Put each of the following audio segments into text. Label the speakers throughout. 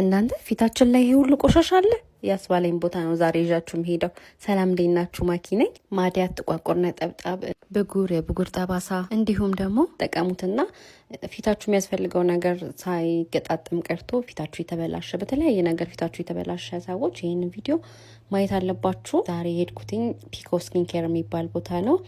Speaker 1: እናንተ ፊታችን ላይ ይሄ ሁሉ ቆሻሻ አለ ያስባለኝ ቦታ ነው ዛሬ ይዣችሁ ሄደው። ሰላም እንዴት ናችሁ? ማኪ ነኝ። ማዲያት፣ ጥቋቁር ነጠብጣብ፣
Speaker 2: ብጉር፣ የብጉር ጠባሳ እንዲሁም ደግሞ
Speaker 1: ጠቀሙትና ፊታችሁ የሚያስፈልገው ነገር ሳይገጣጥም ቀርቶ ፊታችሁ የተበላሸ በተለያየ ነገር ፊታችሁ የተበላሸ ሰዎች ይህንን ቪዲዮ ማየት አለባችሁ። ዛሬ የሄድኩትኝ ፒኮ ስኪን ኬር የሚባል ቦታ ነው።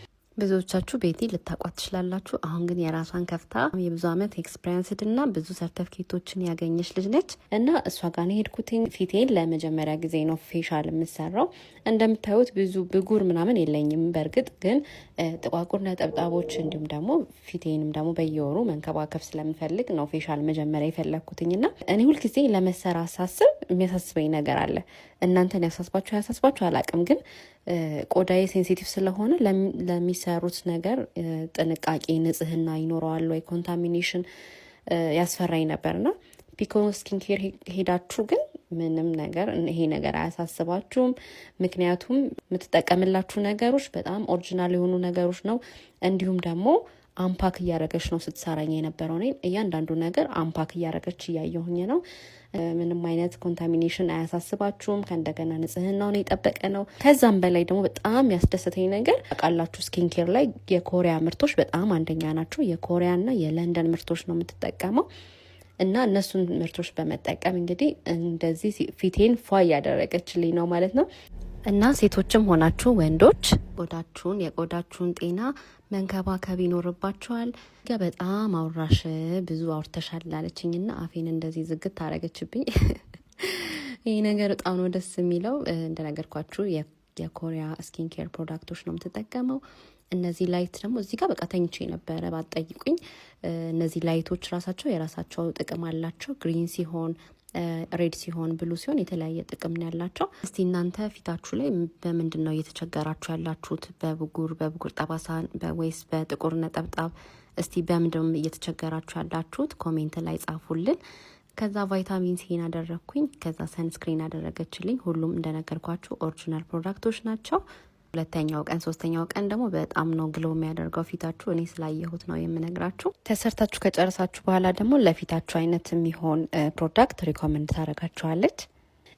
Speaker 2: ብዙዎቻችሁ ቤቲ ልታቋት ትችላላችሁ። አሁን ግን የራሷን ከፍታ የብዙ ዓመት ኤክስፐሪንስድ እና ብዙ ሰርተፍኬቶችን ያገኘች ልጅ ነች
Speaker 1: እና እሷ ጋር ነው ፊቴን ለመጀመሪያ ጊዜ ነው ፌሻል የምሰራው። እንደምታዩት ብዙ ብጉር ምናምን የለኝም። በእርግጥ ግን ጥቋቁር ነጠብጣቦች እንዲሁም ደግሞ ፊቴንም ደግሞ በየወሩ መንከባከብ ስለምፈልግ ነው ፌሻል መጀመሪያ የፈለግኩትኝ እና እኔ ሁልጊዜ ለመሰራ ሳስብ የሚያሳስበኝ ነገር አለ። እናንተን ያሳስባችሁ ያሳስባችሁ አላቅም፣ ግን ቆዳዬ ሴንሲቲቭ ስለሆነ ለሚሰሩት ነገር ጥንቃቄ፣ ንጽህና ይኖረዋል ወይ ኮንታሚኔሽን ያስፈራኝ ነበርና ፒኮ ስኪን ኬር ሄዳችሁ ግን ምንም ነገር ይሄ ነገር አያሳስባችሁም። ምክንያቱም የምትጠቀምላችሁ ነገሮች በጣም ኦሪጂናል የሆኑ ነገሮች ነው እንዲሁም ደግሞ አምፓክ እያረገች ነው ስትሰራኝ የነበረው። እኔን እያንዳንዱ ነገር አምፓክ እያረገች እያየሁኝ ነው። ምንም አይነት ኮንታሚኔሽን አያሳስባችሁም። ከእንደገና ንጽህናውን የጠበቀ ነው። ከዛም በላይ ደግሞ በጣም ያስደሰተኝ ነገር አውቃላችሁ፣ ስኪንኬር ላይ የኮሪያ ምርቶች በጣም አንደኛ ናቸው። የኮሪያና የለንደን ምርቶች ነው የምትጠቀመው እና እነሱን ምርቶች በመጠቀም እንግዲህ እንደዚህ ፊቴን ፏ እያደረገችልኝ ነው ማለት ነው። እና ሴቶችም ሆናችሁ ወንዶች ቆዳችሁን የቆዳችሁን ጤና መንከባከብ ይኖርባችኋል። በጣም አውራሽ ብዙ አውርተሻል አለችኝና አፌን እንደዚህ ዝግት ታረገችብኝ። ይህ ነገር በጣም ነው ደስ የሚለው። እንደነገርኳችሁ የኮሪያ ስኪን ኬር ፕሮዳክቶች ነው የምትጠቀመው። እነዚህ ላይት ደግሞ እዚህ ጋር በቃ ተኝቼ ነበረ ባጠይቁኝ። እነዚህ ላይቶች ራሳቸው የራሳቸው ጥቅም አላቸው። ግሪን ሲሆን ሬድ ሲሆን ብሉ ሲሆን የተለያየ ጥቅም ነው ያላቸው። እስቲ እናንተ ፊታችሁ ላይ በምንድን ነው እየተቸገራችሁ ያላችሁት? በብጉር በብጉር ጠባሳ ወይስ በጥቁር ነጠብጣብ? እስቲ በምንድን እየተቸገራችሁ ያላችሁት? ኮሜንት ላይ ጻፉልን። ከዛ ቫይታሚን ሲን አደረግኩኝ። ከዛ ሰንስክሪን አደረገችልኝ። ሁሉም እንደነገርኳችሁ ኦሪጂናል ፕሮዳክቶች ናቸው። ሁለተኛው ቀን ሶስተኛው ቀን ደግሞ በጣም ነው ግሎ የሚያደርገው ፊታችሁ። እኔ ስላየሁት ነው የምነግራችሁ። ተሰርታችሁ ከጨረሳችሁ በኋላ ደግሞ ለፊታችሁ አይነት የሚሆን ፕሮዳክት ሪኮመንድ ታደርጋችኋለች።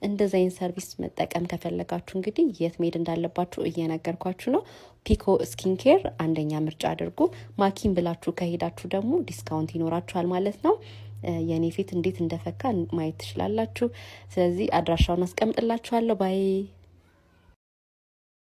Speaker 1: እንደዚህ አይነት ሰርቪስ መጠቀም ከፈለጋችሁ እንግዲህ የት መሄድ እንዳለባችሁ እየነገርኳችሁ ነው። ፒኮ ስኪን ኬር አንደኛ ምርጫ አድርጉ። ማኪን ብላችሁ ከሄዳችሁ ደግሞ ዲስካውንት ይኖራችኋል ማለት ነው። የእኔ ፊት እንዴት እንደፈካ ማየት ትችላላችሁ። ስለዚህ አድራሻውን አስቀምጥላችኋለሁ ባይ